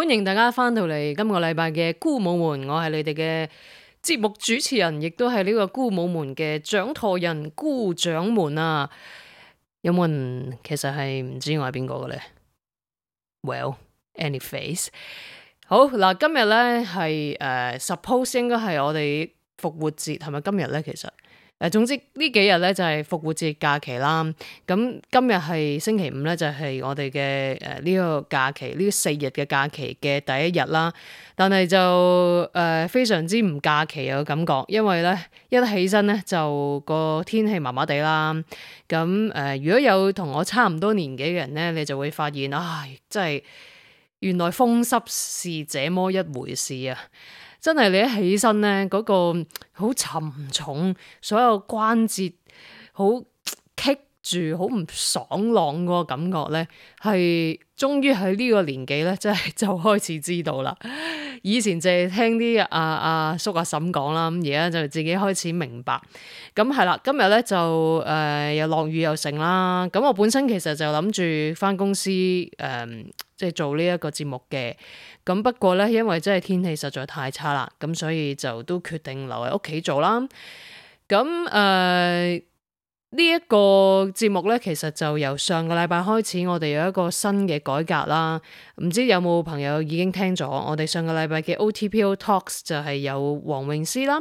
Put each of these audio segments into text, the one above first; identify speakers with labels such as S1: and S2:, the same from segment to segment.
S1: 歡迎大家翻到嚟今個禮拜嘅姑母們，我係你哋嘅節目主持人，亦都係呢個姑母們嘅掌舵人姑掌門啊！有冇人其實係唔知我係邊個嘅咧？Well, any face？好嗱，今日咧係誒，suppose 應該係我哋復活節係咪今日咧？其實。誒，總之呢幾日咧就係、是、復活節假期啦。咁今日係星期五咧，就係、是、我哋嘅誒呢個假期呢、這個、四日嘅假期嘅第一日啦。但係就誒、呃、非常之唔假期嘅感覺，因為咧一起身咧就個天氣麻麻地啦。咁、嗯、誒、呃，如果有同我差唔多年紀嘅人咧，你就會發現，唉，真係原來風濕是這麼一回事啊！真係你一起身咧，嗰、嗰個好沉重，所有關節好棘住，好唔爽朗個感覺咧，係終於喺呢個年紀咧，真係就開始知道啦。以前淨係聽啲阿阿叔阿嬸講啦，咁而家就自己開始明白。咁係啦，今日咧就誒、呃、又落雨又成啦。咁我本身其實就諗住返公司誒。呃即係做呢一個節目嘅，咁不過咧，因為真係天氣實在太差啦，咁所以就都決定留喺屋企做啦。咁誒、呃這個、呢一個節目咧，其實就由上個禮拜開始，我哋有一個新嘅改革啦。唔知有冇朋友已經聽咗？我哋上個禮拜嘅 OTPO Talks 就係有黃詠詩啦。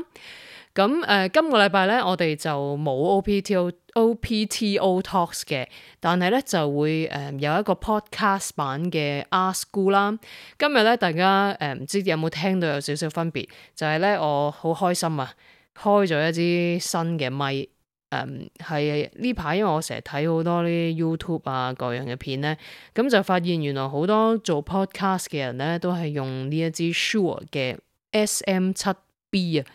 S1: 咁誒，今、呃這個禮拜咧，我哋就冇 OTPO。Opto Talks 嘅，但係咧就會誒、呃、有一個 podcast 版嘅 Ask Gu 啦。今日咧大家誒唔、呃、知有冇聽到有少少分別，就係、是、咧我好開心啊，開咗一支新嘅咪。誒、呃，係呢排因為我成日睇好多啲 YouTube 啊各樣嘅片咧，咁就發現原來好多做 podcast 嘅人咧都係用呢一支 Shure 嘅 SM 七 B 啊，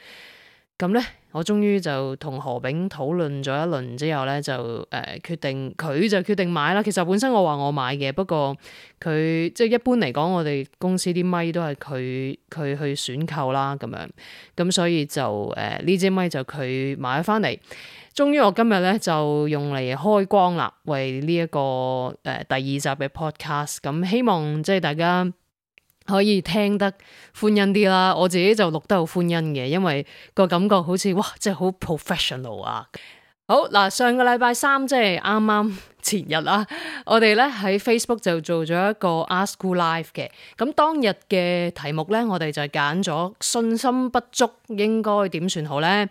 S1: 咁咧。我終於就同何炳討論咗一輪之後咧，就誒、呃、決定佢就決定買啦。其實本身我話我買嘅，不過佢即係一般嚟講，我哋公司啲咪都係佢佢去選購啦咁樣。咁所以就誒呢支咪就佢買翻嚟。終於我今日咧就用嚟開光啦，為呢、這、一個誒、呃、第二集嘅 podcast。咁希望即係大家，可以聽得歡欣啲啦，我自己就錄得好歡欣嘅，因為個感覺好似哇，真係好 professional 啊！好嗱，上個禮拜三即係啱啱前日啦，我哋咧喺 Facebook 就做咗一個 Ask School Live 嘅，咁當日嘅題目咧，我哋就揀咗信心不足應該點算好咧？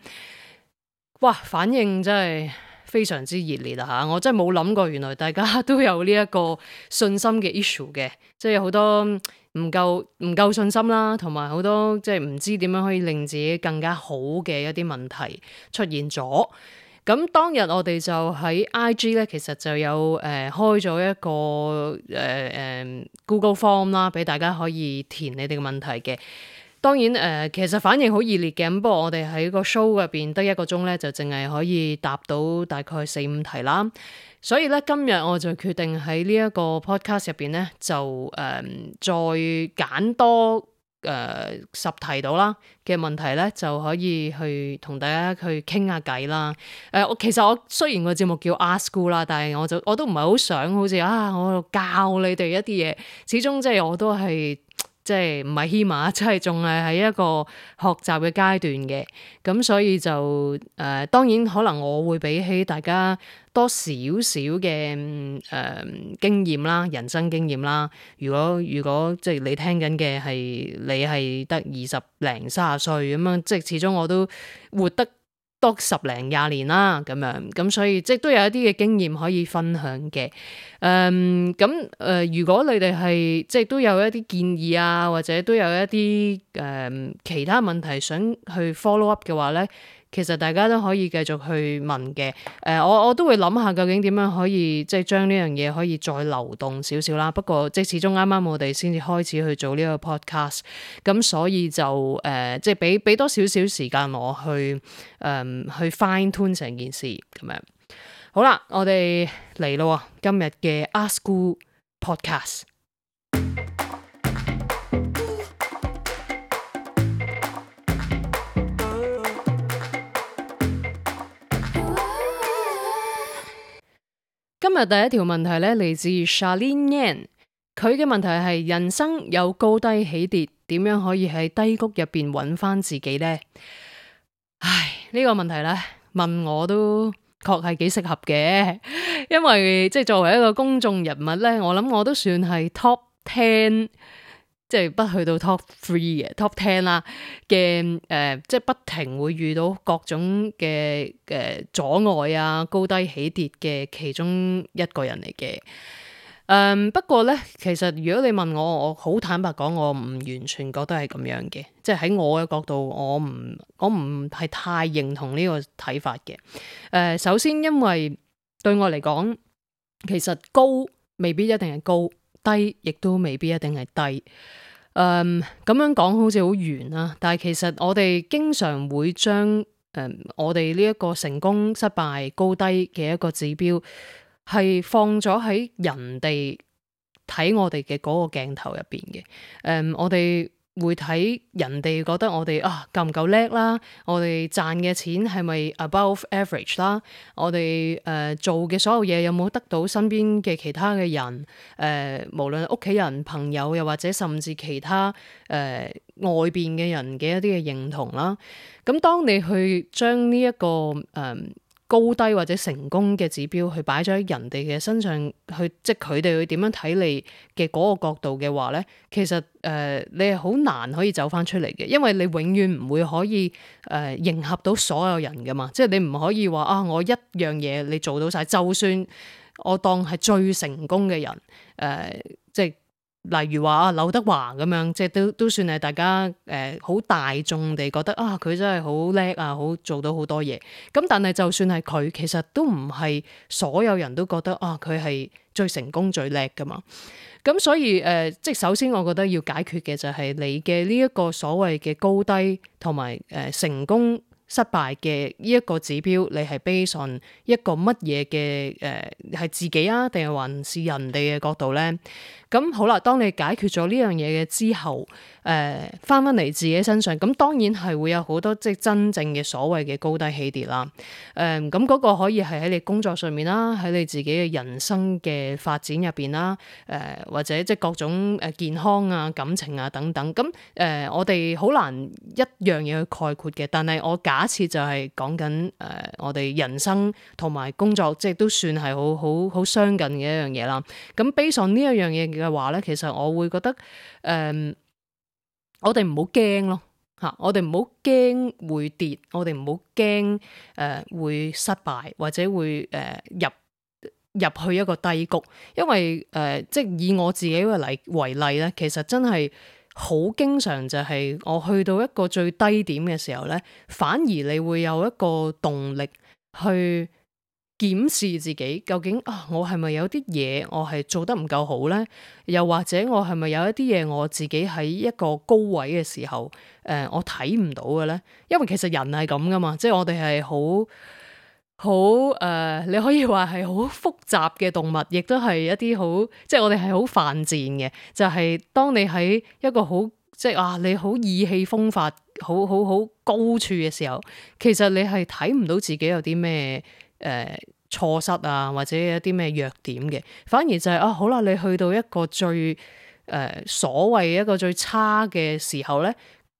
S1: 哇，反應真係非常之熱烈啊！我真係冇諗過，原來大家都有呢一個信心嘅 issue 嘅，即係有好多。唔夠唔夠信心啦，同埋好多即係唔知點樣可以令自己更加好嘅一啲問題出現咗。咁當日我哋就喺 IG 咧，其實就有誒、呃、開咗一個誒誒、呃、Google Form 啦，俾大家可以填你哋嘅問題嘅。當然誒、呃，其實反應好熱烈嘅。咁不過我哋喺個 show 入邊得一個鐘咧，就淨係可以答到大概四五題啦。所以咧，今日我就決定喺呢一個 podcast 入邊咧，就誒、呃、再揀多誒、呃、十題到啦嘅問題咧，就可以去同大家去傾下偈啦。誒、呃，我其實我雖然個節目叫 Ask School 啦，但係我就我都唔係好想好似啊，我教你哋一啲嘢，始終即係我都係。即係唔係起碼，即係仲係喺一個學習嘅階段嘅，咁所以就誒、呃，當然可能我會比起大家多少少嘅誒經驗啦、人生經驗啦。如果如果即係你聽緊嘅係你係得二十零三十歲咁樣，即係始終我都活得。多十零廿年啦，咁樣，咁所以即都有一啲嘅經驗可以分享嘅。嗯，咁，誒、呃，如果你哋係即都有一啲建議啊，或者都有一啲誒、嗯、其他問題想去 follow up 嘅話咧。其實大家都可以繼續去問嘅，誒、呃，我我都會諗下究竟點樣可以即係將呢樣嘢可以再流動少少啦。不過即係始終啱啱我哋先至開始去做呢個 podcast，咁所以就誒、呃、即係俾俾多少少時間我去誒、呃、去 fine tune 成件事咁樣。好啦，我哋嚟咯，今日嘅 Ask Good Podcast。今日第一條問題呢，嚟自 Charlene Yan，佢嘅問題係人生有高低起跌，點樣可以喺低谷入邊揾翻自己呢？唉，呢、這個問題呢，問我都確係幾適合嘅，因為即係作為一個公眾人物呢，我諗我都算係 Top Ten。即係不去到 top three 嘅 top ten 啦嘅，誒、呃，即係不停會遇到各種嘅誒、呃、阻礙啊，高低起跌嘅其中一個人嚟嘅。嗯，不過咧，其實如果你問我，我好坦白講，我唔完全覺得係咁樣嘅。即係喺我嘅角度，我唔，我唔係太認同呢個睇法嘅。誒、呃，首先因為對我嚟講，其實高未必一定係高。低，亦都未必一定係低。嗯，咁樣講好似好圓啊。但係其實我哋經常會將誒、嗯、我哋呢一個成功失敗高低嘅一個指標，係放咗喺人哋睇我哋嘅嗰個鏡頭入邊嘅。誒、嗯，我哋。會睇人哋覺得我哋啊夠唔夠叻啦？我哋賺嘅錢係咪 above average 啦？我哋誒做嘅所有嘢有冇得到身邊嘅其他嘅人誒、呃，無論屋企人、朋友又或者甚至其他誒、呃、外邊嘅人嘅一啲嘅認同啦？咁、啊、當你去將呢一個誒。呃高低或者成功嘅指標去擺咗喺人哋嘅身上，去即係佢哋會點樣睇你嘅嗰個角度嘅話咧，其實誒、呃、你係好難可以走翻出嚟嘅，因為你永遠唔會可以誒、呃、迎合到所有人噶嘛，即係你唔可以話啊，我一樣嘢你做到晒，就算我當係最成功嘅人，誒、呃，即係。例如話啊，劉德華咁樣，即係都都算係大家誒，好、呃、大眾地覺得啊，佢真係好叻啊，好做到好多嘢。咁但係就算係佢，其實都唔係所有人都覺得啊，佢係最成功、最叻噶嘛。咁所以誒、呃，即係首先，我覺得要解決嘅就係你嘅呢一個所謂嘅高低同埋誒成功失敗嘅呢一個指標，你係基於一個乜嘢嘅誒係自己啊，定係還是人哋嘅角度咧？咁好啦，當你解決咗呢樣嘢嘅之後，誒翻翻嚟自己身上，咁當然係會有好多即係真正嘅所謂嘅高低起跌啦。誒咁嗰個可以係喺你工作上面啦，喺你自己嘅人生嘅發展入邊啦。誒、呃、或者即係各種誒健康啊、感情啊等等。咁、呃、誒我哋好難一樣嘢去概括嘅，但係我假設就係講緊誒我哋人生同埋工作，即係都算係好好好相近嘅一樣嘢啦。咁 based 呢一樣嘢嘅話咧，其實我會覺得，誒、呃，我哋唔好驚咯，吓，我哋唔好驚會跌，我哋唔好驚誒會失敗或者會誒、呃、入入去一個低谷，因為誒、呃、即係以我自己為例為例咧，其實真係好經常就係、是、我去到一個最低點嘅時候咧，反而你會有一個動力去。檢視自己究竟啊，我係咪有啲嘢，我係做得唔夠好咧？又或者我係咪有一啲嘢我自己喺一個高位嘅時候誒、呃，我睇唔到嘅咧？因為其實人係咁噶嘛，即係我哋係好好誒，你可以話係好複雜嘅動物，亦都係一啲好即係我哋係好犯賤嘅。就係、是、當你喺一個好即係啊、呃，你好意氣風發，好好好高處嘅時候，其實你係睇唔到自己有啲咩誒。呃錯失啊，或者一啲咩弱點嘅，反而就係、是、啊，好啦，你去到一個最誒、呃、所謂一個最差嘅時候咧，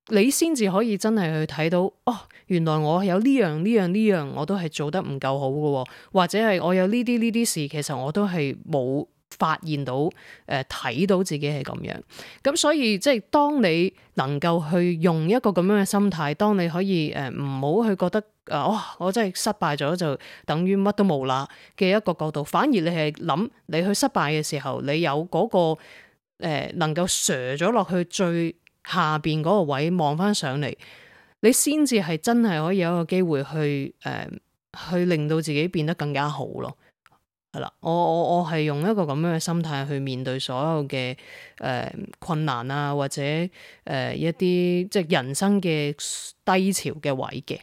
S1: 你先至可以真係去睇到哦，原來我有呢樣呢樣呢樣，我都係做得唔夠好喎、哦，或者係我有呢啲呢啲事，其實我都係冇。發現到誒，睇、呃、到自己係咁樣，咁所以即係當你能夠去用一個咁樣嘅心態，當你可以誒唔好去覺得啊、呃，我真係失敗咗就等於乜都冇啦嘅一個角度，反而你係諗你去失敗嘅時候，你有嗰、那個誒、呃、能夠坐咗落去最下邊嗰個位，望翻上嚟，你先至係真係可以有一個機會去誒、呃、去令到自己變得更加好咯。係啦，我我我係用一個咁樣嘅心態去面對所有嘅誒、呃、困難啊，或者誒、呃、一啲即係人生嘅低潮嘅位嘅。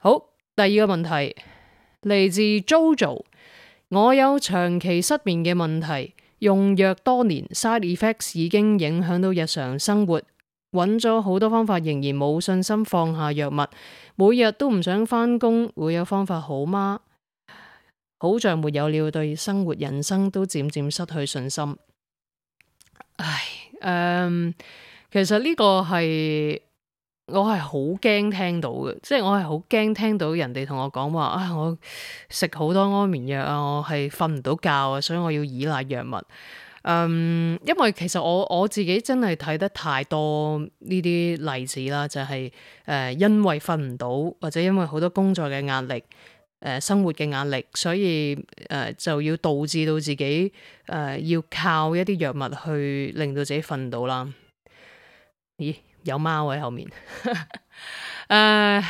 S1: 好，第二個問題嚟自 Jojo，jo, 我有長期失眠嘅問題，用藥多年，side effects 已經影響到日常生活，揾咗好多方法，仍然冇信心放下藥物，每日都唔想返工，會有方法好嗎？好像沒有了對生活、人生都漸漸失去信心。唉，嗯，其實呢個係我係好驚聽到嘅，即係我係好驚聽到人哋同我講話啊，我食好多安眠藥啊，我係瞓唔到覺啊，所以我要依賴藥物。嗯，因為其實我我自己真係睇得太多呢啲例子啦，就係呃，因為瞓唔到或者因為好多工作嘅壓力。誒，生活嘅壓力，所以誒、呃、就要導致到自己誒、呃、要靠一啲藥物去令到自己瞓到啦。咦，有貓喺後面。誒、 呃，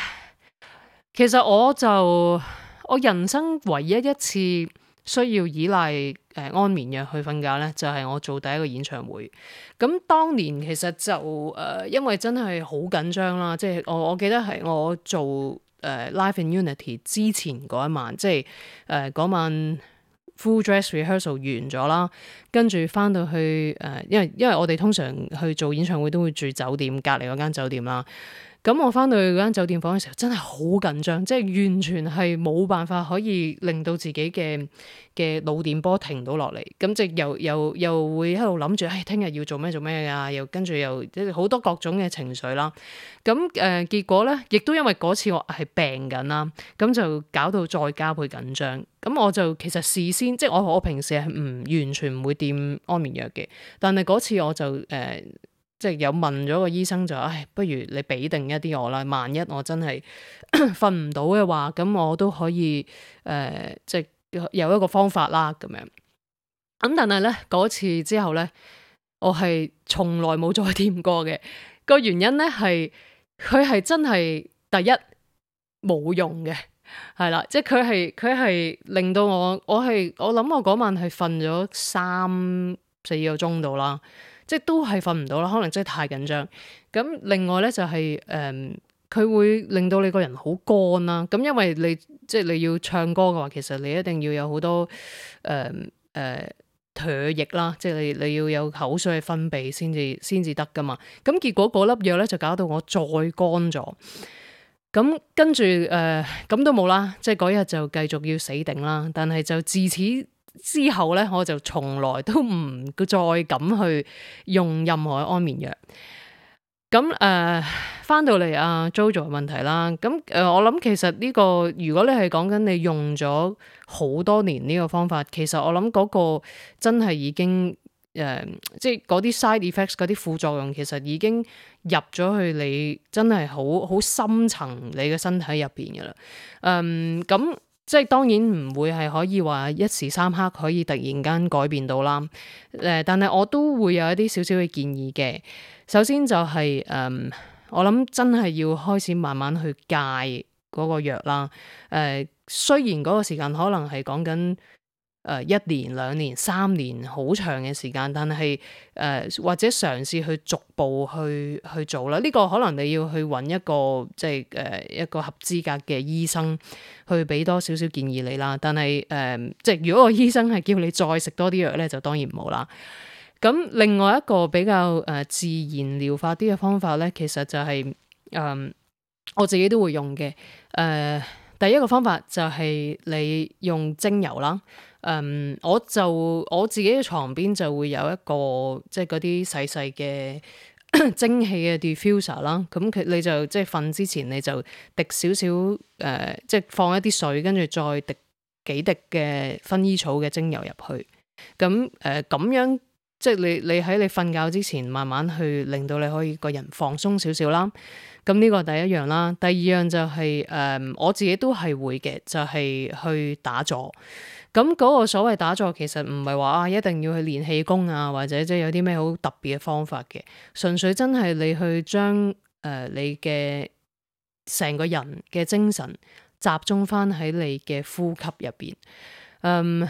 S1: 其實我就我人生唯一一次需要依賴誒安眠藥去瞓覺咧，就係、是、我做第一個演唱會。咁當年其實就誒、呃，因為真係好緊張啦，即係我我記得係我做。誒、呃、Life in Unity 之前嗰一晚，即係誒嗰晚 full dress rehearsal 完咗啦，跟住翻到去誒、呃，因為因為我哋通常去做演唱會都會住酒店隔離嗰間酒店啦。咁我翻到去嗰間酒店房嘅時候，真係好緊張，即係完全係冇辦法可以令到自己嘅嘅腦電波停到落嚟。咁即係又又又會喺度諗住，唉、哎，聽日要做咩做咩㗎？又跟住又即係好多各種嘅情緒啦。咁誒、呃、結果咧，亦都因為嗰次我係病緊啦，咁就搞到再加倍緊張。咁我就其實事先即係我我平時係唔完全唔會掂安眠藥嘅，但係嗰次我就誒、呃即係有問咗個醫生就，唉、哎，不如你俾定一啲我啦，萬一我真係瞓唔到嘅話，咁我都可以誒、呃，即係有一個方法啦，咁樣。咁但係咧嗰次之後咧，我係從來冇再掂過嘅。個原因咧係，佢係真係第一冇用嘅，係啦，即係佢係佢係令到我，我係我諗我嗰晚係瞓咗三四個鐘度啦。即係都係瞓唔到啦，可能真係太緊張。咁另外咧就係、是、誒，佢、呃、會令到你個人好乾啦。咁因為你即係你要唱歌嘅話，其實你一定要有好多誒誒唾液啦，即係你你要有口水去分泌先至先至得噶嘛。咁結果嗰粒藥咧就搞到我再乾咗。咁跟住誒咁都冇啦，即係嗰日就繼續要死頂啦。但係就自此。之後咧，我就從來都唔再敢去用任何安眠藥。咁誒，翻、呃、到嚟阿、啊、JoJo 嘅問題啦。咁誒、呃，我諗其實呢、這個，如果你係講緊你用咗好多年呢個方法，其實我諗嗰個真係已經誒、呃，即係嗰啲 side effects 嗰啲副作用，其實已經入咗去你真係好好深層你嘅身體入邊嘅啦。嗯、呃，咁。即係當然唔會係可以話一時三刻可以突然間改變到啦，誒、呃，但係我都會有一啲少少嘅建議嘅。首先就係、是、誒、呃，我諗真係要開始慢慢去戒嗰個藥啦。誒、呃，雖然嗰個時間可能係講緊。誒、呃，一年、兩年、三年，好長嘅時間，但係誒、呃，或者嘗試去逐步去去做啦。呢、這個可能你要去揾一個即係誒、呃、一個合資格嘅醫生去俾多少少建議你啦。但係誒、呃，即係如果個醫生係叫你再食多啲藥咧，就當然唔好啦。咁另外一個比較誒、呃、自然療法啲嘅方法咧，其實就係、是、誒、呃，我自己都會用嘅誒。呃第一個方法就係你用精油啦，嗯，我就我自己嘅床邊就會有一個即係嗰啲細細嘅蒸汽嘅 diffuser 啦，咁佢 你就即係瞓之前你就滴少少誒，即係放一啲水，跟住再滴幾滴嘅薰衣草嘅精油入去，咁誒咁樣即係你你喺你瞓覺之前慢慢去令到你可以個人放鬆少少啦。咁呢個第一樣啦，第二樣就係、是、誒、嗯、我自己都係會嘅，就係、是、去打坐。咁、嗯、嗰、那個所謂打坐其實唔係話啊一定要去練氣功啊，或者即係有啲咩好特別嘅方法嘅，純粹真係你去將誒、呃、你嘅成個人嘅精神集中翻喺你嘅呼吸入邊，嗯。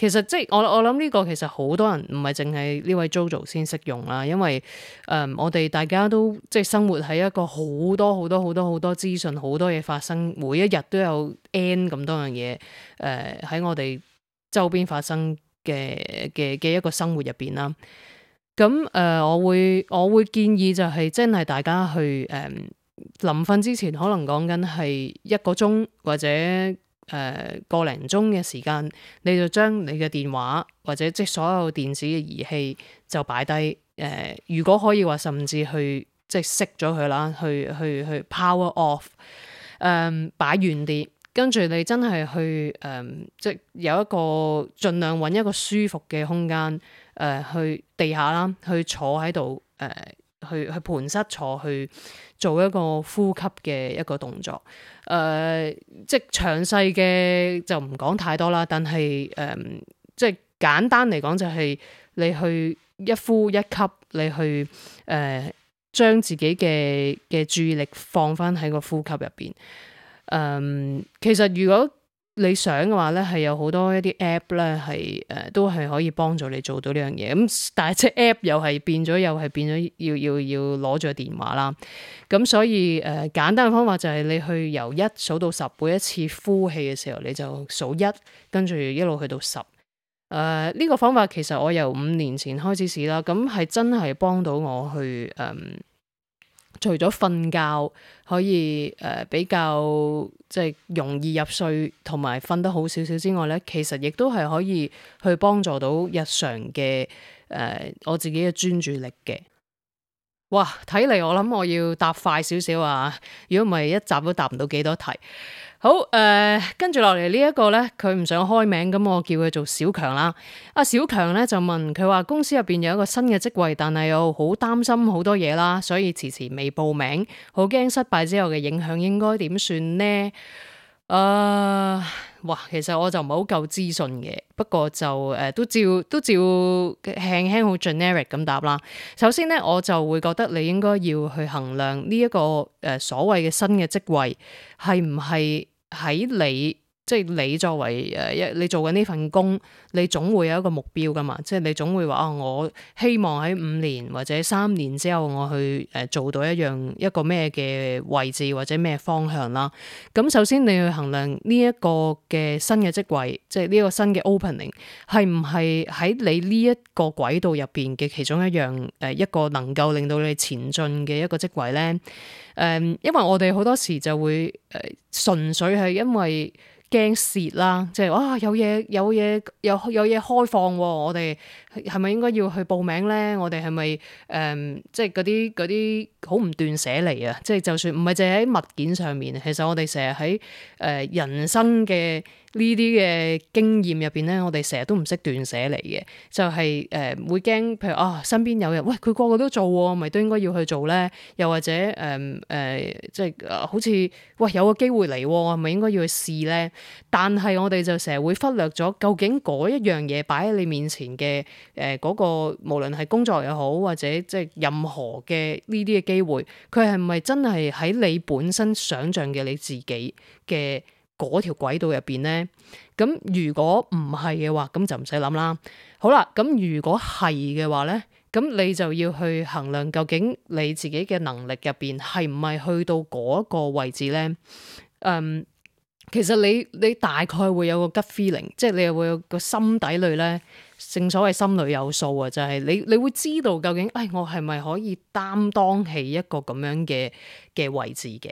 S1: 其實即係我我諗呢、這個其實好多人唔係淨係呢位 Jojo 先識用啦，因為誒、呃、我哋大家都即係生活喺一個好多好多好多好多資訊、好多嘢發生，每一日都有 N 咁多樣嘢誒喺我哋周邊發生嘅嘅嘅一個生活入邊啦。咁、嗯、誒、呃，我會我會建議就係真係大家去誒臨瞓之前，可能講緊係一個鐘或者。誒，呃、個零鐘嘅時間，你就將你嘅電話或者即所有電子嘅儀器就擺低。誒、呃，如果可以話，甚至去即係熄咗佢啦，去去去 power off、呃。誒，擺遠啲，跟住你真係去誒，即、呃就是、有一個盡量揾一個舒服嘅空間。誒、呃，去地下啦，去坐喺度。誒、呃，去去盤膝坐，去做一個呼吸嘅一個動作。誒、呃，即係詳細嘅就唔講太多啦。但係誒、呃，即係簡單嚟講就係你去一呼一吸，你去誒、呃、將自己嘅嘅注意力放返喺個呼吸入邊。誒、呃，其實如果你想嘅話咧，係有好多一啲 app 咧，係、呃、誒都係可以幫助你做到呢樣嘢。咁但係隻 app 又係變咗，又係變咗要要要攞住電話啦。咁所以誒、呃、簡單嘅方法就係你去由一數到十，每一次呼氣嘅時候你就數一，跟住一路去到十。誒、這、呢個方法其實我由五年前開始試啦，咁係真係幫到我去誒。呃除咗瞓覺可以誒、呃、比較即係容易入睡同埋瞓得好少少之外咧，其實亦都係可以去幫助到日常嘅誒、呃、我自己嘅專注力嘅。哇！睇嚟我諗我要答快少少啊！如果唔係一集都答唔到幾多題。好誒，跟住落嚟呢一個咧，佢唔想開名咁，我叫佢做小強啦。阿小強咧就問佢話，公司入邊有一個新嘅職位，但係又好擔心好多嘢啦，所以遲遲未報名，好驚失敗之後嘅影響，應該點算呢？啊、呃！哇，其實我就唔係好夠資訊嘅，不過就誒、呃、都照都照輕輕好 generic 咁答啦。首先咧，我就會覺得你應該要去衡量呢、這、一個誒、呃、所謂嘅新嘅職位係唔係喺你。即係你作為誒一，你做緊呢份工，你總會有一個目標㗎嘛？即係你總會話啊、哦，我希望喺五年或者三年之後，我去誒做到一樣一個咩嘅位置或者咩方向啦。咁首先你去衡量呢一、這個嘅新嘅職位，即係呢個新嘅 opening 係唔係喺你呢一個軌道入邊嘅其中一樣誒一個能夠令到你前進嘅一個職位咧？誒、嗯，因為我哋好多時就會誒、呃、純粹係因為。驚蝕啦！即係、話、啊，有嘢有嘢有有嘢開放喎！我哋。係咪應該要去報名咧？我哋係咪誒，即係嗰啲嗰啲好唔斷捨離啊？即係就算唔係淨係喺物件上面，其實我哋成日喺誒人生嘅呢啲嘅經驗入邊咧，我哋成日都唔識斷捨離嘅。就係、是、誒、呃、會驚，譬如啊，身邊有人喂佢個個都做、啊，咪都應該要去做咧？又或者誒誒、呃呃，即係、呃、好似喂有個機會嚟、啊，我咪應該要去試咧？但係我哋就成日會忽略咗，究竟嗰一樣嘢擺喺你面前嘅。誒嗰、呃嗰個無論係工作又好，或者即係任何嘅呢啲嘅機會，佢係咪真係喺你本身想象嘅你自己嘅嗰條軌道入邊咧？咁如果唔係嘅話，咁就唔使諗啦。好啦，咁如果係嘅話咧，咁你就要去衡量究竟你自己嘅能力入邊係唔係去到嗰個位置咧？嗯，其實你你大概會有個 gut feeling，即係你又會有個心底裏咧。正所謂心裏有數啊，就係、是、你你會知道究竟，誒、哎、我係咪可以擔當起一個咁樣嘅嘅位置嘅？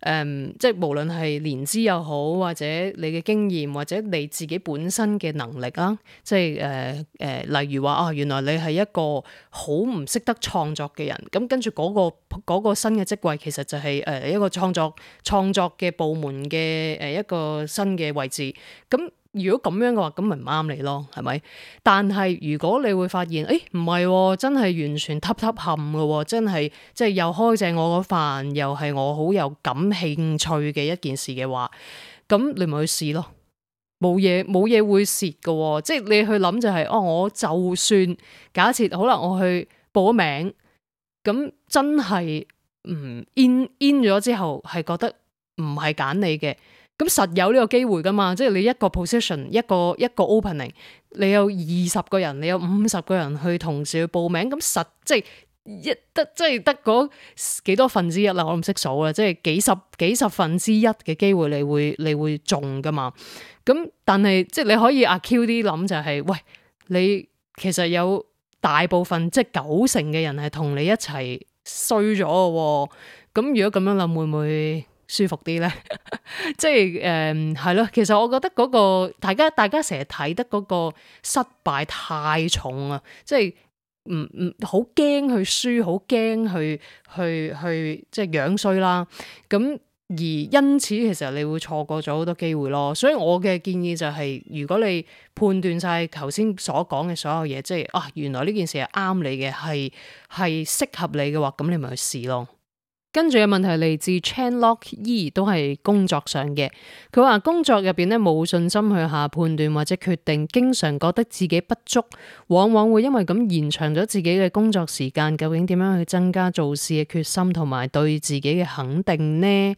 S1: 誒、um,，即係無論係年資又好，或者你嘅經驗，或者你自己本身嘅能力啊，即係誒誒，例如話啊、哦，原來你係一個好唔識得創作嘅人，咁跟住嗰、個嗰個新嘅職位，其實就係、是、誒、呃、一個創作創作嘅部門嘅誒一個新嘅位置，咁。如果咁樣嘅話，咁咪唔啱你咯，係咪？但係如果你會發現，誒、哎，唔係、哦，真係完全啱啱冚嘅，真係即係又開正我嗰瓣，又係我好有感興趣嘅一件事嘅話，咁你咪去試咯，冇嘢冇嘢會蝕嘅，哦，即係你去諗就係、是，哦，我就算假設可能我去報咗名，咁真係唔、嗯、in in 咗之後，係覺得唔係揀你嘅。咁實有呢個機會噶嘛？即係你一個 position，一個一個 opening，你有二十個人，你有五十個人去同時去報名，咁實即係一得即係得嗰幾多分之一啦，我唔識數啦，即係幾十幾十分之一嘅機會你會你會中噶嘛？咁但係即係你可以阿 Q 啲諗就係，喂，你其實有大部分即係九成嘅人係同你一齊衰咗喎，咁如果咁樣諗會唔會？舒服啲咧， 即係誒，係咯。其實我覺得嗰個大家大家成日睇得嗰個失敗太重啊，即係唔唔好驚去輸，好驚去去去即係樣衰啦。咁而因此，其實你會錯過咗好多機會咯。所以我嘅建議就係，如果你判斷晒頭先所講嘅所有嘢，即係啊，原來呢件事係啱你嘅，係係適合你嘅話，咁你咪去試咯。跟住嘅問題嚟自 Chanlock E，都係工作上嘅。佢話工作入邊咧，冇信心去下判斷或者決定，經常覺得自己不足，往往會因為咁延長咗自己嘅工作時間。究竟點樣去增加做事嘅決心同埋對自己嘅肯定呢？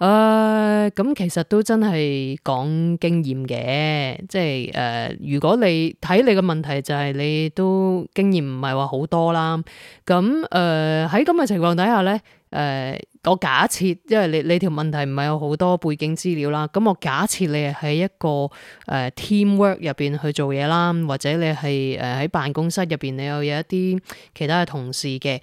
S1: 誒、呃，咁其實都真係講經驗嘅，即係誒、呃，如果你睇你嘅問題就係你都經驗唔係話好多啦。咁誒喺咁嘅情況底下咧。誒，uh, 我假設，因為你你條問題唔係有好多背景資料啦，咁我假設你係喺一個誒、uh, teamwork 入邊去做嘢啦，或者你係誒喺辦公室入邊，你有有一啲其他嘅同事嘅，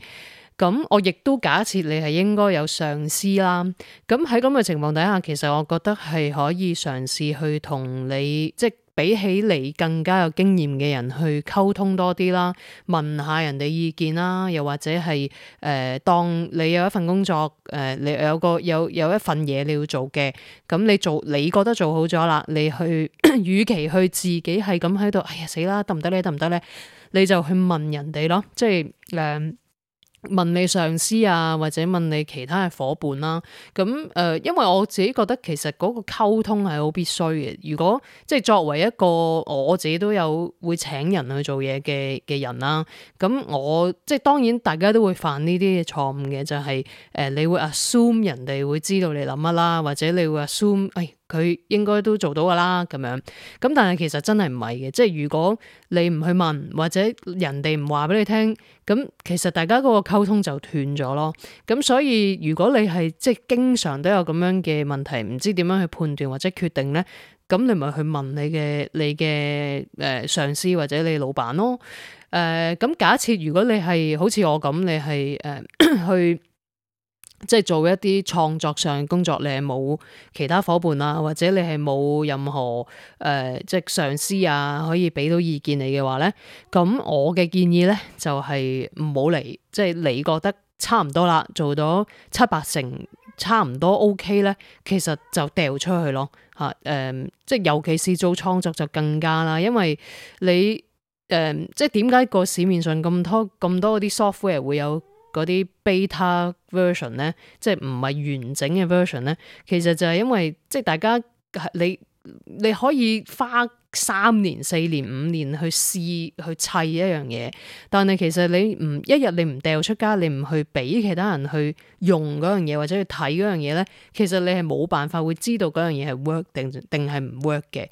S1: 咁我亦都假設你係應該有上司啦。咁喺咁嘅情況底下，其實我覺得係可以嘗試去同你即比起你更加有經驗嘅人去溝通多啲啦，問下人哋意見啦，又或者係誒、呃，當你有一份工作，誒、呃，你有個有有一份嘢你要做嘅，咁你做你覺得做好咗啦，你去，與 其去自己係咁喺度，哎呀死啦，得唔得咧，得唔得咧，你就去問人哋咯，即係誒。呃問你上司啊，或者問你其他嘅夥伴啦、啊。咁、嗯、誒、呃，因為我自己覺得其實嗰個溝通係好必須嘅。如果即係作為一個我自己都有會請人去做嘢嘅嘅人啦、啊。咁、嗯、我即係當然大家都會犯呢啲嘅錯誤嘅，就係、是、誒、呃、你會 assume 人哋會知道你諗乜啦，或者你會 assume 誒、哎。佢應該都做到㗎啦，咁樣咁，但係其實真係唔係嘅，即係如果你唔去問或者人哋唔話俾你聽，咁其實大家嗰個溝通就斷咗咯。咁所以如果你係即係經常都有咁樣嘅問題，唔知點樣去判斷或者決定咧，咁你咪去問你嘅你嘅誒、呃、上司或者你老闆咯。誒、呃、咁假設如果你係好似我咁，你係誒、呃、 去。即係做一啲創作上嘅工作，你係冇其他伙伴啊，或者你係冇任何誒、呃、即係上司啊，可以俾到意見你嘅話咧，咁我嘅建議咧就係唔好嚟，即係你覺得差唔多啦，做到七八成差唔多 OK 咧，其實就掉出去咯嚇誒，即係尤其是做創作就更加啦，因為你誒、呃、即係點解個市面上咁多咁多嗰啲 software 會有？嗰啲 beta version 咧，即係唔係完整嘅 version 咧，其實就係因為即係大家你你可以花三年、四年、五年去試去砌一樣嘢，但係其實你唔一日你唔掉出街，你唔去俾其他人去用嗰樣嘢或者去睇嗰樣嘢咧，其實你係冇辦法會知道嗰樣嘢係 work 定定係唔 work 嘅。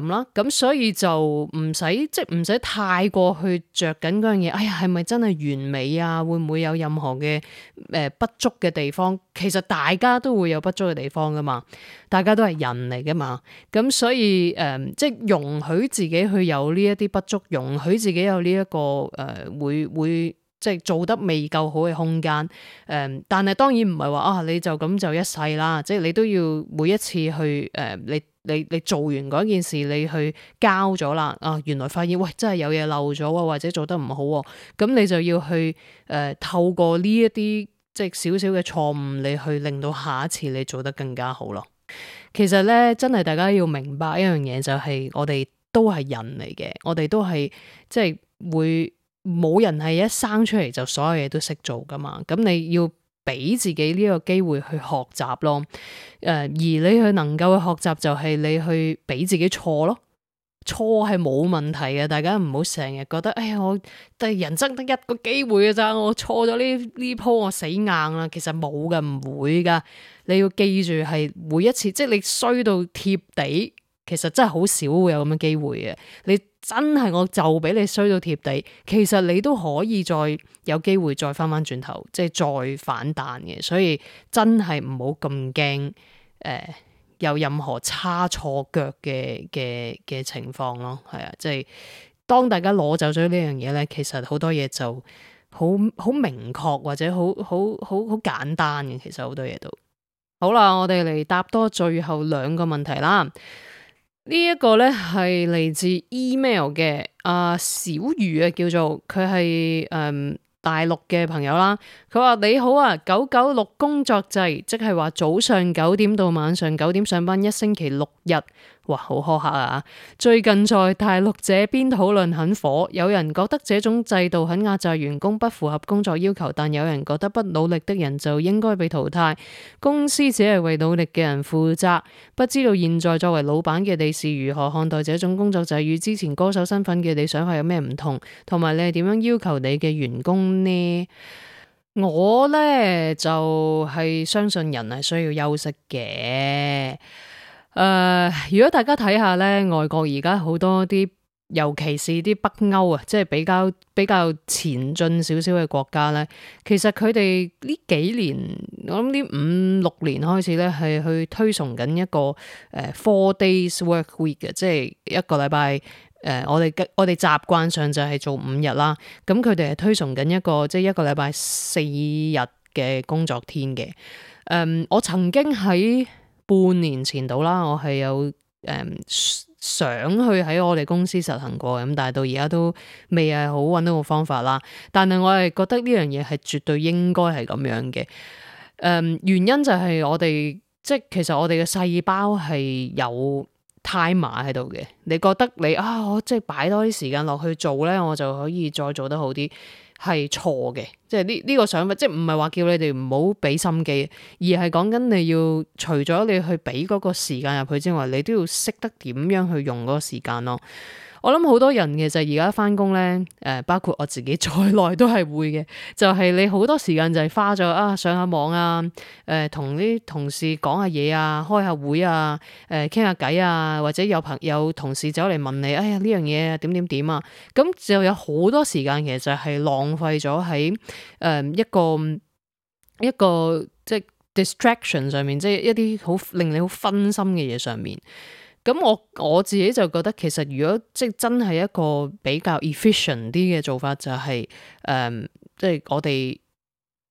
S1: 咁啦，咁、嗯、所以就唔使即係唔使太過去着緊嗰樣嘢。哎呀，係咪真係完美啊？會唔會有任何嘅誒、呃、不足嘅地方？其實大家都會有不足嘅地方噶嘛，大家都係人嚟噶嘛。咁、嗯、所以誒、呃，即係容許自己去有呢一啲不足，容許自己有呢、這、一個誒、呃、會會即係做得未夠好嘅空間。誒、呃，但係當然唔係話啊，你就咁就一世啦。即係你都要每一次去誒、呃，你。你你做完嗰件事，你去交咗啦啊！原來發現喂，真係有嘢漏咗或者做得唔好喎，咁你就要去誒、呃、透過呢一啲即係少少嘅錯誤，你去令到下一次你做得更加好咯。其實咧，真係大家要明白一樣嘢，就係我哋都係人嚟嘅，我哋都係即係會冇人係一生出嚟就所有嘢都識做㗎嘛。咁你要，俾自己呢個機會去學習咯，誒，而你去能夠去學習就係你去俾自己錯咯，錯係冇問題嘅，大家唔好成日覺得，哎呀，我得人生得一個機會嘅咋，我錯咗呢呢鋪我死硬啦，其實冇嘅，唔會噶，你要記住係每一次，即係你衰到貼地。其實真係好少會有咁嘅機會嘅，你真係我就俾你衰到貼地，其實你都可以再有機會再翻翻轉頭，即係再反彈嘅。所以真係唔好咁驚，誒、呃，有任何叉錯腳嘅嘅嘅情況咯，係啊，即係當大家攞走咗呢樣嘢咧，其實好多嘢就好好明確或者好好好好簡單嘅。其實好多嘢都好啦，我哋嚟答多最後兩個問題啦。呢一個咧係嚟自 email 嘅阿、啊、小雨啊，叫做佢係誒大陸嘅朋友啦。佢話你好啊，九九六工作制，即係話早上九點到晚上九點上班，一星期六日。哇，好苛刻啊！最近在大陸這邊討論很火，有人覺得這種制度很壓榨員工，不符合工作要求；但有人覺得不努力的人就應該被淘汰，公司只係為努力嘅人負責。不知道現在作為老闆嘅你是如何看待這種工作制？與之前歌手身份嘅你想法有咩唔同？同埋你係點樣要求你嘅員工呢？我呢，就係、是、相信人係需要休息嘅。誒、呃，如果大家睇下咧，外國而家好多啲，尤其是啲北歐啊，即係比較比較前進少少嘅國家咧，其實佢哋呢幾年，我諗呢五六年開始咧，係去推崇緊一個誒 Four、呃、Days Work Week 嘅，即係一個禮拜誒、呃，我哋我哋習慣上就係做五日啦，咁佢哋係推崇緊一個即係一個禮拜四日嘅工作天嘅。嗯、呃，我曾經喺半年前到啦，我係有誒、嗯、想去喺我哋公司實行過咁，但係到而家都未係好揾到個方法啦。但係我係覺得呢樣嘢係絕對應該係咁樣嘅。誒、嗯，原因就係我哋即係其實我哋嘅細胞係有 time 碼喺度嘅。你覺得你啊，我即係擺多啲時間落去做咧，我就可以再做得好啲。係錯嘅，即係呢呢個想法，即係唔係話叫你哋唔好俾心機，而係講緊你要除咗你去俾嗰個時間入去之外，你都要識得點樣去用嗰個時間咯。我諗好多人其實而家返工咧，誒、呃，包括我自己在內都係會嘅，就係、是、你好多時間就係花咗啊上下網啊，誒、呃，同啲同事講下嘢啊，開下會啊，誒、呃，傾下偈啊，或者有朋友有同事走嚟問你，哎呀呢樣嘢點點點啊，咁就有好多時間其實係浪費咗喺誒一個一個即係 distraction 上面，即係一啲好令你好分心嘅嘢上面。咁我我自己就覺得其實如果即真係一個比較 efficient 啲嘅做法就係、是、誒、呃、即係我哋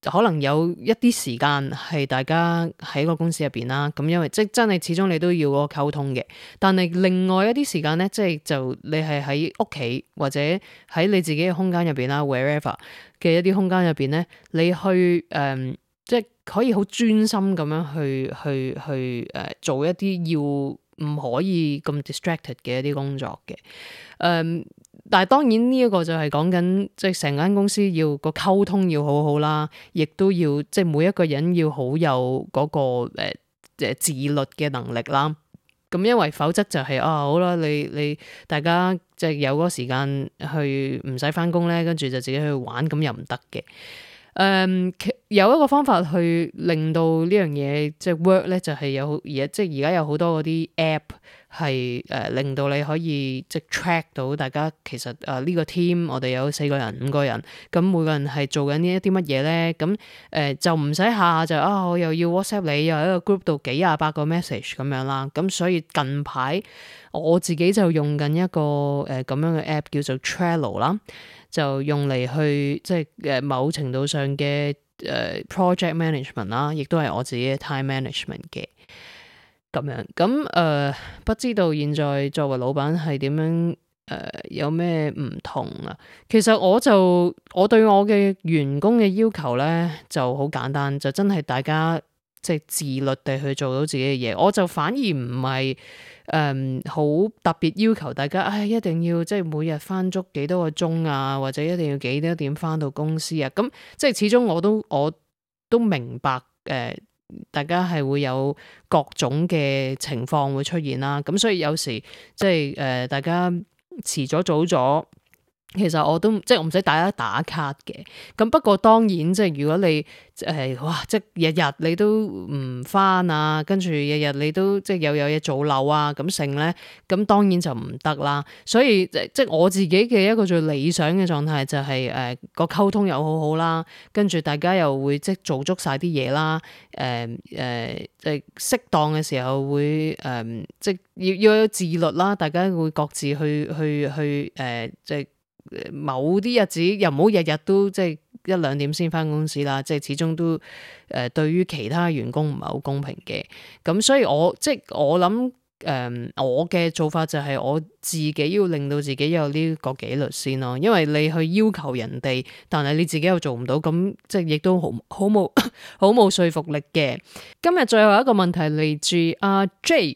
S1: 可能有一啲時間係大家喺個公司入邊啦，咁因為即真係始終你都要個溝通嘅。但係另外一啲時間咧，即係就你係喺屋企或者喺你自己嘅空間入邊啦，wherever 嘅一啲空間入邊咧，你去誒、呃、即係可以好專心咁樣去去去誒、呃、做一啲要。唔可以咁 distracted 嘅一啲工作嘅，誒、um，但係當然呢一個就係講緊，即係成間公司要個溝通要好好啦，亦都要即係每一個人要好有嗰、那個誒誒、呃、自律嘅能力啦。咁因為否則就係、是、啊好啦，你你大家即係有個時間去唔使翻工咧，跟住就自己去玩，咁又唔得嘅，誒、um。有一個方法去令到呢樣嘢即係 work 咧，就係、係就係、有而即而家有好多嗰啲 app 係誒、呃、令到你可以即係 track 到大家其實誒呢、呃呢個 team 我哋有四個人五個人，咁每個人係做緊呢一啲乜嘢咧？咁誒、呃、就唔使下下就啊我又要 WhatsApp 你又喺個 group 度幾廿百個 message 咁樣啦。咁所以近排我自己就用緊一個誒咁、呃、樣嘅 app 叫做 Trello 啦，就用嚟去即係誒、呃、某程度上嘅。誒、uh，project management 啦，亦都係我自己嘅 time management 嘅咁樣。咁誒、呃，不知道現在作為老闆係點樣？誒、呃，有咩唔同啊？其實我就我對我嘅員工嘅要求咧就好簡單，就真係大家。即自律地去做到自己嘅嘢，我就反而唔係誒好特別要求大家，唉、哎、一定要即係每日翻足幾多個鐘啊，或者一定要幾多點翻到公司啊，咁、嗯、即係始終我都我都明白誒、呃，大家係會有各種嘅情況會出現啦，咁、嗯、所以有時即係誒、呃、大家遲咗早咗。其實我都即係我唔使大家打卡嘅，咁不過當然即係如果你誒、呃、哇即係日日你都唔返啊，跟住日日你都即係又有嘢做漏啊咁，剩咧，咁當然就唔得啦。所以即係我自己嘅一個最理想嘅狀態就係誒個溝通又好好啦，跟住大家又會即係做足晒啲嘢啦，誒、呃、誒、呃、即係適當嘅時候會誒、呃、即係要要有自律啦，大家會各自去去去誒、呃、即係。某啲日子又唔好日日都即係、就是、一兩點先翻公司啦，即係始終都誒、呃、對於其他員工唔係好公平嘅。咁所以我即係我諗誒、呃，我嘅做法就係我自己要令到自己有呢個紀律先咯。因為你去要求人哋，但係你自己又做唔到，咁即係亦都好好冇 好冇說服力嘅。今日最後一個問題嚟自阿 J。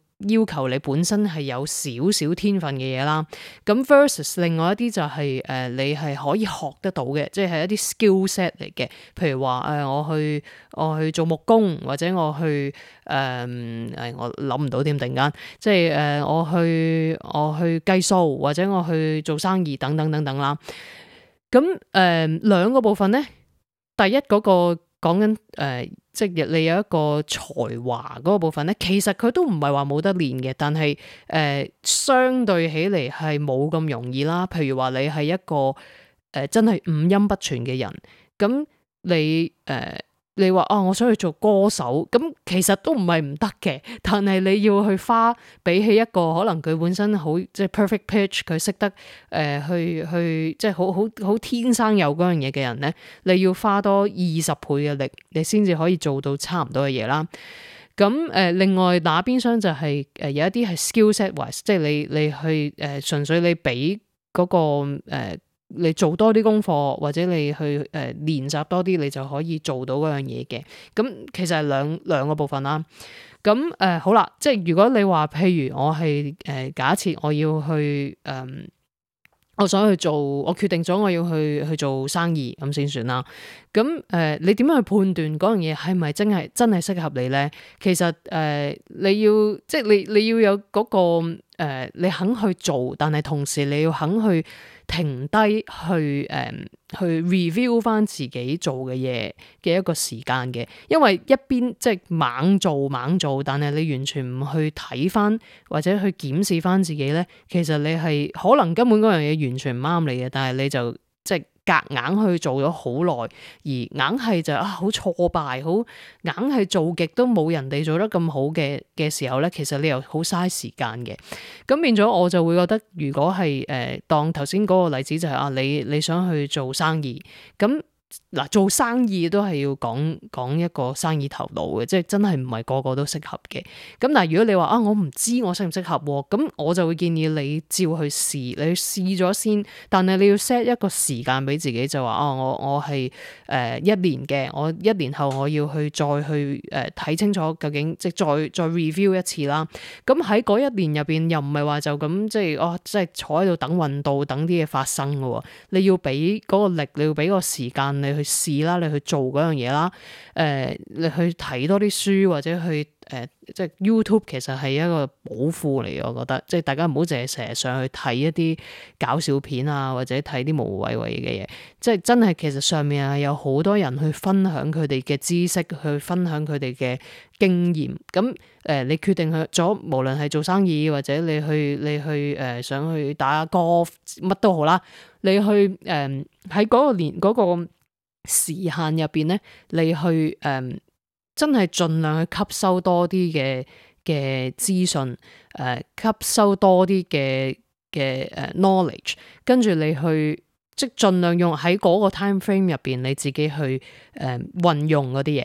S1: 要求你本身係有少少天分嘅嘢啦，咁 versus 另外一啲就係、是、誒、呃、你係可以學得到嘅，即係一啲 skill set 嚟嘅，譬如話誒、呃、我去我去做木工，或者我去誒誒、呃、我諗唔到點突然間，即係誒、呃、我去我去計數，或者我去做生意等等等等啦。咁誒兩個部分咧，第一嗰、那個講緊誒即係你有一個才華嗰個部分咧，其實佢都唔係話冇得練嘅，但係誒、呃、相對起嚟係冇咁容易啦。譬如話你係一個誒、呃、真係五音不全嘅人，咁你誒。呃你話啊、哦，我想去做歌手，咁其實都唔係唔得嘅，但係你要去花比起一個可能佢本身好即係 perfect pitch，佢識得誒、呃、去去即係好好好天生有嗰樣嘢嘅人咧，你要花多二十倍嘅力，你先至可以做到差唔多嘅嘢啦。咁誒、呃，另外打邊廂就係、是、誒、呃、有一啲係 skill set wise，即係你你去誒純、呃、粹你俾嗰、那個誒。呃你做多啲功課，或者你去誒練習多啲，你就可以做到嗰樣嘢嘅。咁其實係兩兩個部分啦。咁、嗯、誒、呃、好啦，即係如果你話譬如我係誒、呃、假設我要去誒、呃，我想去做，我決定咗我要去去做生意咁先算啦。咁、嗯、誒、呃、你點樣去判斷嗰樣嘢係咪真係真係適合你咧？其實誒、呃、你要即係你你要有嗰、嗰個、呃、你肯去做，但係同時你要肯去。停低去誒、呃、去 review 翻自己做嘅嘢嘅一個時間嘅，因為一邊即係猛做猛做，但係你完全唔去睇翻或者去檢視翻自己咧，其實你係可能根本嗰樣嘢完全唔啱你嘅，但係你就即係。隔硬去做咗好耐，而硬係就啊好挫敗，好硬係做極都冇人哋做得咁好嘅嘅時候咧，其實你又好嘥時間嘅。咁變咗我就會覺得，如果係誒、呃、當頭先嗰個例子就係、是、啊，你你想去做生意咁。嗱，做生意都係要講講一個生意頭腦嘅，即係真係唔係個個都適合嘅。咁但係如果你話啊，我唔知我適唔適合、啊，咁我就會建議你照去試，你試咗先。但係你要 set 一個時間俾自己，就話啊，我我係誒、呃、一年嘅，我一年後我要去再去誒睇、呃、清楚究竟即係再再 review 一次啦。咁喺嗰一年入邊，又唔係話就咁即係哦，即係、啊、坐喺度等運到，等啲嘢發生噶、啊。你要俾嗰個力，你要俾個時間。你去試啦，你去做嗰樣嘢啦。誒、呃，你去睇多啲書或者去誒，即、呃、係、就是、YouTube，其實係一個寶庫嚟，我覺得。即係大家唔好淨係成日上去睇一啲搞笑片啊，或者睇啲無謂嘅嘢。即係真係，其實上面係有好多人去分享佢哋嘅知識，去分享佢哋嘅經驗。咁誒、呃，你決定去咗，無論係做生意或者你去你去誒、呃，想去打 Golf 乜都好啦。你去誒喺嗰個年嗰、那個。時限入邊咧，你去誒、嗯，真係盡量去吸收多啲嘅嘅資訊，誒、呃，吸收多啲嘅嘅誒 knowledge，跟住你去即係盡量用喺嗰個 time frame 入邊，你自己去誒運、嗯、用嗰啲嘢。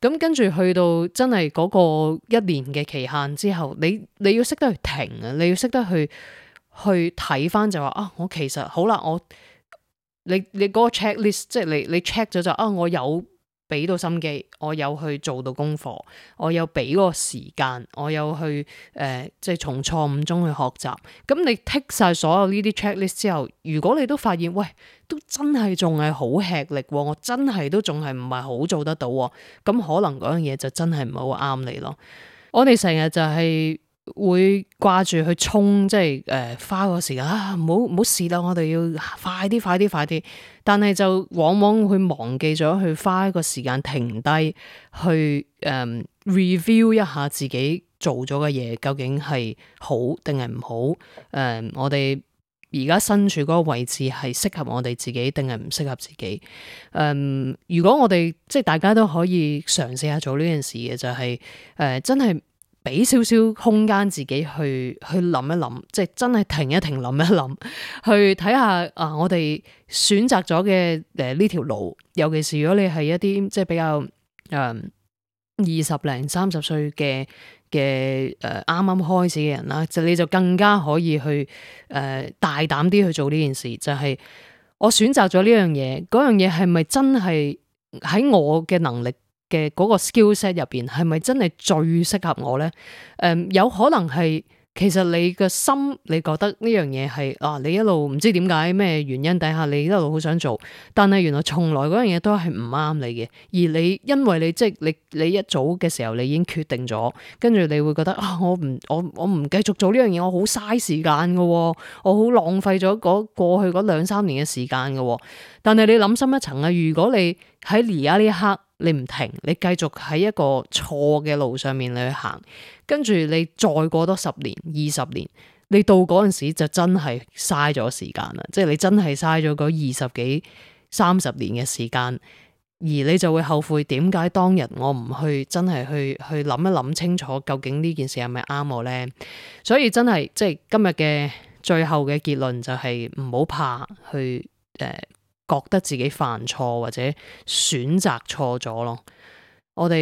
S1: 咁、嗯、跟住去到真係嗰個一年嘅期限之後，你你要識得去停啊，你要識得去去睇翻就話啊，我其實好啦，我。你 check list，你嗰個 checklist，即係你你 check 咗就是，啊，我有俾到心機，我有去做到功課，我有俾個時間，我有去誒、呃，即係從錯誤中去學習。咁你剔晒所有呢啲 checklist 之後，如果你都發現喂，都真係仲係好吃力，我真係都仲係唔係好做得到。咁可能嗰樣嘢就真係唔係好啱你咯。我哋成日就係、是。會掛住去衝，即係誒、呃，花個時間啊，唔好唔好試啦，我哋要快啲，快啲，快啲。但係就往往會忘記咗去花一個時間停低，去誒、呃、review 一下自己做咗嘅嘢究竟係好定係唔好。誒、呃，我哋而家身處嗰個位置係適合我哋自己定係唔適合自己？誒、呃，如果我哋即係大家都可以嘗試下做呢件事嘅，就係、是、誒、呃，真係。俾少少空間自己去去諗一諗，即係真係停一停諗一諗，去睇下啊！我哋選擇咗嘅誒呢條路，尤其是如果你係一啲即係比較誒二十零三十歲嘅嘅誒啱啱開始嘅人啦，就你就更加可以去誒大膽啲去做呢件事。就係我選擇咗呢樣嘢，嗰樣嘢係咪真係喺我嘅能力嘅嗰個 skill set 入邊係咪真係最適合我咧？誒，um，有可能係其實你嘅心，你覺得呢樣嘢係啊，你一路唔知點解咩原因底下，你一路好想做，但係原來從來嗰樣嘢都係唔啱你嘅。而你因為你即係、就是、你你一早嘅時候，你已經決定咗，跟住你會覺得啊，我唔我我唔繼續做呢樣嘢，我好嘥時間嘅、哦，我好浪費咗嗰過去嗰兩三年嘅時間嘅、哦，但係你諗深一層啊，如果你喺而家呢一刻。你唔停，你繼續喺一個錯嘅路上面你去行，跟住你再過多十年、二十年，你到嗰陣時就真係嘥咗時間啦，即係你真係嘥咗嗰二十幾、三十年嘅時間，而你就會後悔點解當日我唔去真係去去諗一諗清楚究竟呢件事係咪啱我呢？所以真係，即係今日嘅最後嘅結論就係唔好怕去誒。呃覺得自己犯錯或者選擇錯咗咯，我哋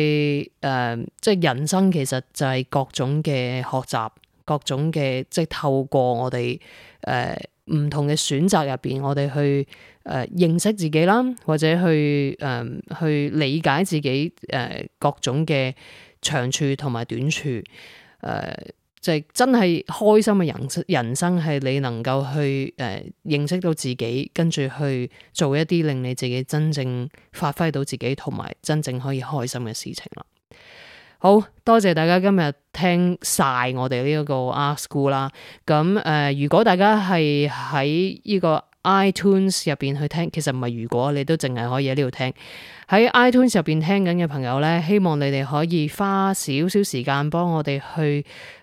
S1: 誒、呃、即係人生其實就係各種嘅學習，各種嘅即係透過我哋誒唔同嘅選擇入邊，我哋去誒、呃、認識自己啦，或者去誒、呃、去理解自己誒、呃、各種嘅長處同埋短處誒。呃就係真係開心嘅人生，人生係你能夠去誒、呃、認識到自己，跟住去做一啲令你自己真正發揮到自己，同埋真正可以開心嘅事情啦。好多謝大家今日聽晒我哋呢一個 Askool 啦。咁、嗯、誒、呃，如果大家係喺呢個，iTunes 入邊去聽，其實唔係，如果你都淨係可以喺呢度聽，喺 iTunes 入邊聽緊嘅朋友咧，希望你哋可以花少少時間幫我哋去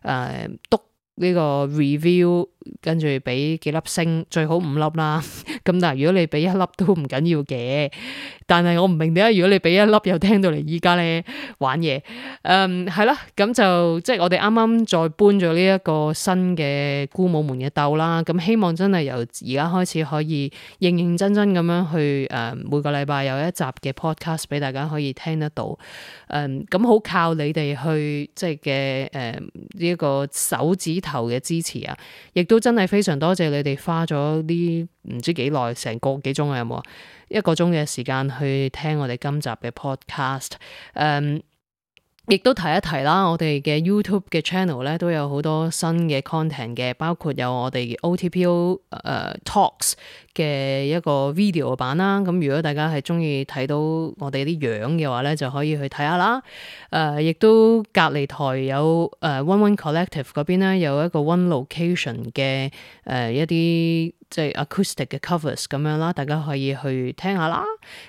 S1: 誒，督、呃、呢個 review。跟住俾幾粒星，最好五粒啦。咁 但係如果你俾一粒都唔緊要嘅，但係我唔明點解，如果你俾一粒又聽到你依家咧玩嘢。嗯，係啦，咁就即係我哋啱啱再搬咗呢一個新嘅姑母們嘅斗啦。咁、嗯、希望真係由而家開始可以認認真真咁樣去誒、嗯，每個禮拜有一集嘅 podcast 俾大家可以聽得到。嗯，咁好靠你哋去即係嘅誒呢一個手指頭嘅支持啊，亦都。都真係非常多謝你哋花咗啲唔知幾耐，成個幾鐘啊，有冇啊？一個鐘嘅時間去聽我哋今集嘅 podcast，嗯。Um, 亦都提一提啦，我哋嘅 YouTube 嘅 channel 咧都有好多新嘅 content 嘅，包括有我哋 OTPO 誒、呃、talks 嘅一個 video 版啦。咁如果大家係中意睇到我哋啲樣嘅話咧，就可以去睇下啦。誒、呃，亦都隔離台有誒、呃、One One Collective 嗰邊咧有一個 One Location 嘅誒、呃、一啲。即係 acoustic 嘅 covers 咁樣啦，大家可以去聽下啦。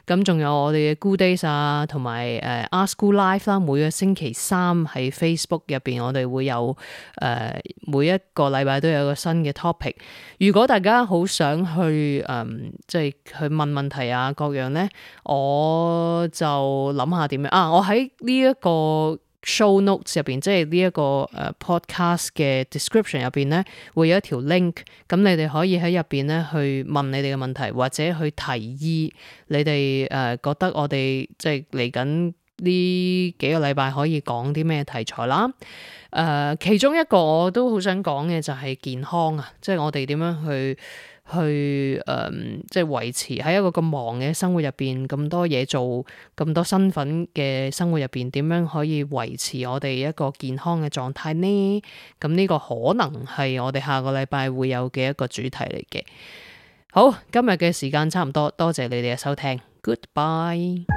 S1: 咁仲有我哋嘅 Good Days 啊，同埋誒 Ask Good Life 啦。每個星期三喺 Facebook 入邊，我哋會有誒、呃、每一個禮拜都有個新嘅 topic。如果大家好想去誒，即、嗯、係、就是、去問問題啊各樣咧，我就諗下點樣啊。我喺呢一個。Show notes 入邊，即係呢一個誒 podcast 嘅 description 入邊咧，會有一條 link，咁你哋可以喺入邊咧去問你哋嘅問題，或者去提議你哋誒、呃、覺得我哋即係嚟緊呢幾個禮拜可以講啲咩題材啦。誒、呃，其中一個我都好想講嘅就係健康啊，即係我哋點樣去。去誒、呃，即係維持喺一個咁忙嘅生活入邊，咁多嘢做，咁多身份嘅生活入邊，點樣可以維持我哋一個健康嘅狀態呢？咁呢個可能係我哋下個禮拜會有嘅一個主題嚟嘅。好，今日嘅時間差唔多，多謝你哋嘅收聽，Goodbye。